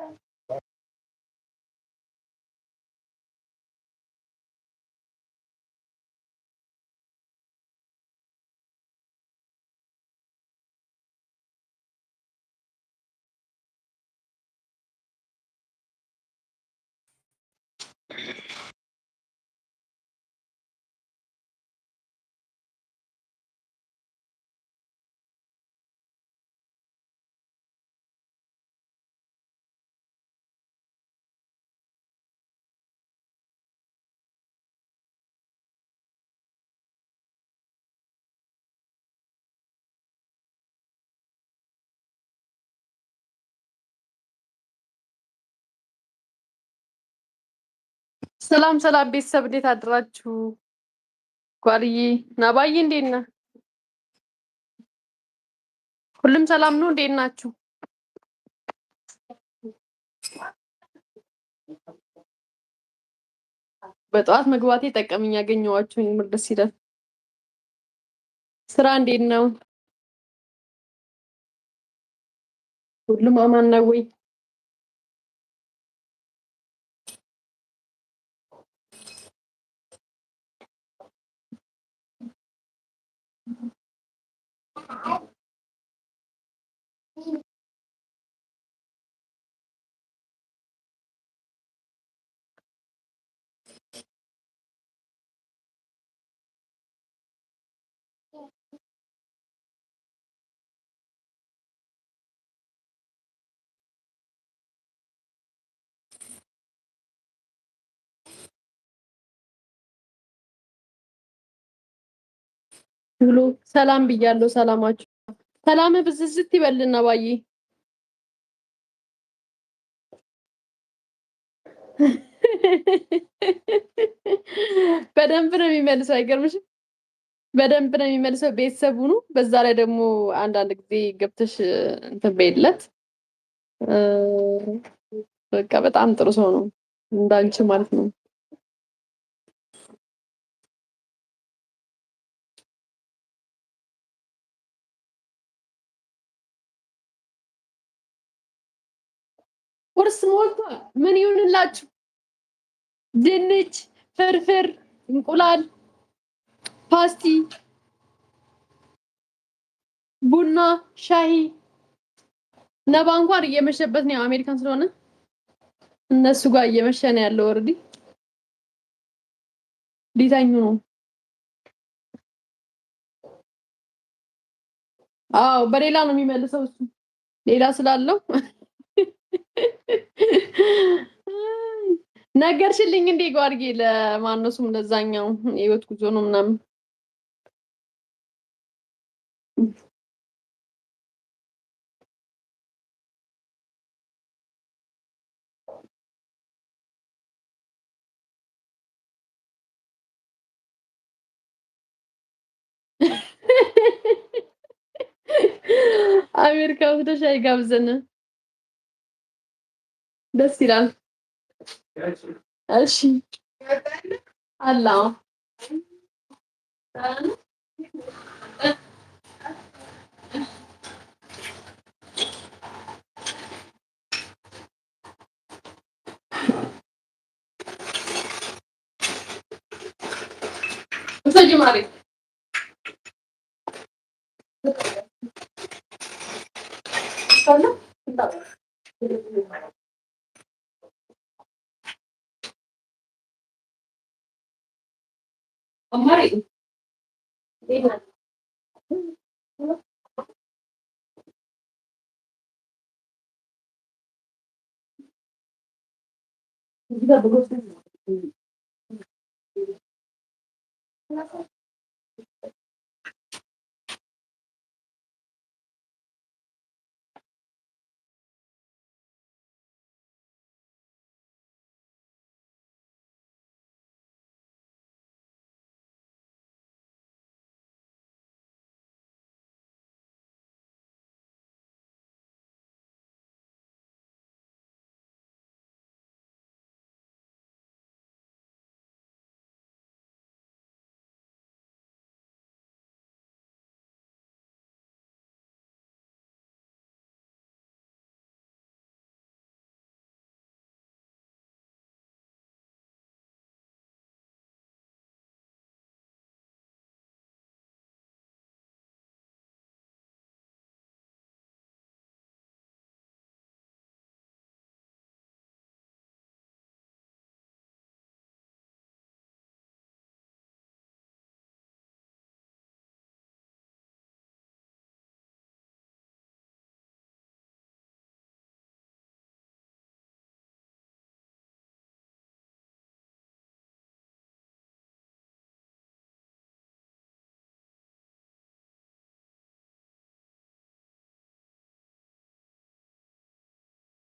Bye. ሰላም ሰላም ቤተሰብ እንዴት አድራችሁ? ጓልዬ ናባዬ እንዴት ነህ? ሁሉም ሰላም ነው? እንዴት ናችሁ? በጠዋት መግባቴ ጠቀመኝ። ያገኘኋችሁ ምር ደስ ይላል። ስራ እንዴት ነው? ሁሉም አማን ነው ወይ? ብሎ ሰላም ብያለሁ። ሰላማችሁ ሰላም ብዝዝት ይበልና ባዬ በደንብ ነው የሚመልሰው። አይገርምሽም? በደንብ ነው የሚመልሰው። ቤተሰቡ ነው። በዛ ላይ ደግሞ አንዳንድ ጊዜ ገብተሽ እንትን በይለት። በቃ በጣም ጥሩ ሰው ነው እንዳንቺ ማለት ነው። ቁርስ ሞልቷ ምን ይሁንላችሁ? ድንች፣ ፍርፍር፣ እንቁላል፣ ፓስቲ፣ ቡና፣ ሻሂ። ነባ እንኳን እየመሸበት ነው። አሜሪካን ስለሆነ እነሱ ጋር እየመሸ ነው ያለው። ወርዲ ሊተኙ ነው። አዎ በሌላ ነው የሚመልሰው እሱ ሌላ ስላለው ነገርሽልኝ እንዴ ጓርጌ ለማነሱም ለዛኛው የህይወት ጉዞ ነው ምናምን አሜሪካ ወስደሽ አይጋብዘን ደስ ይላል። እሺ አላ ጀማሪ Kemarin. Oh, Dengan. Juga bagus kan? Terima kasih.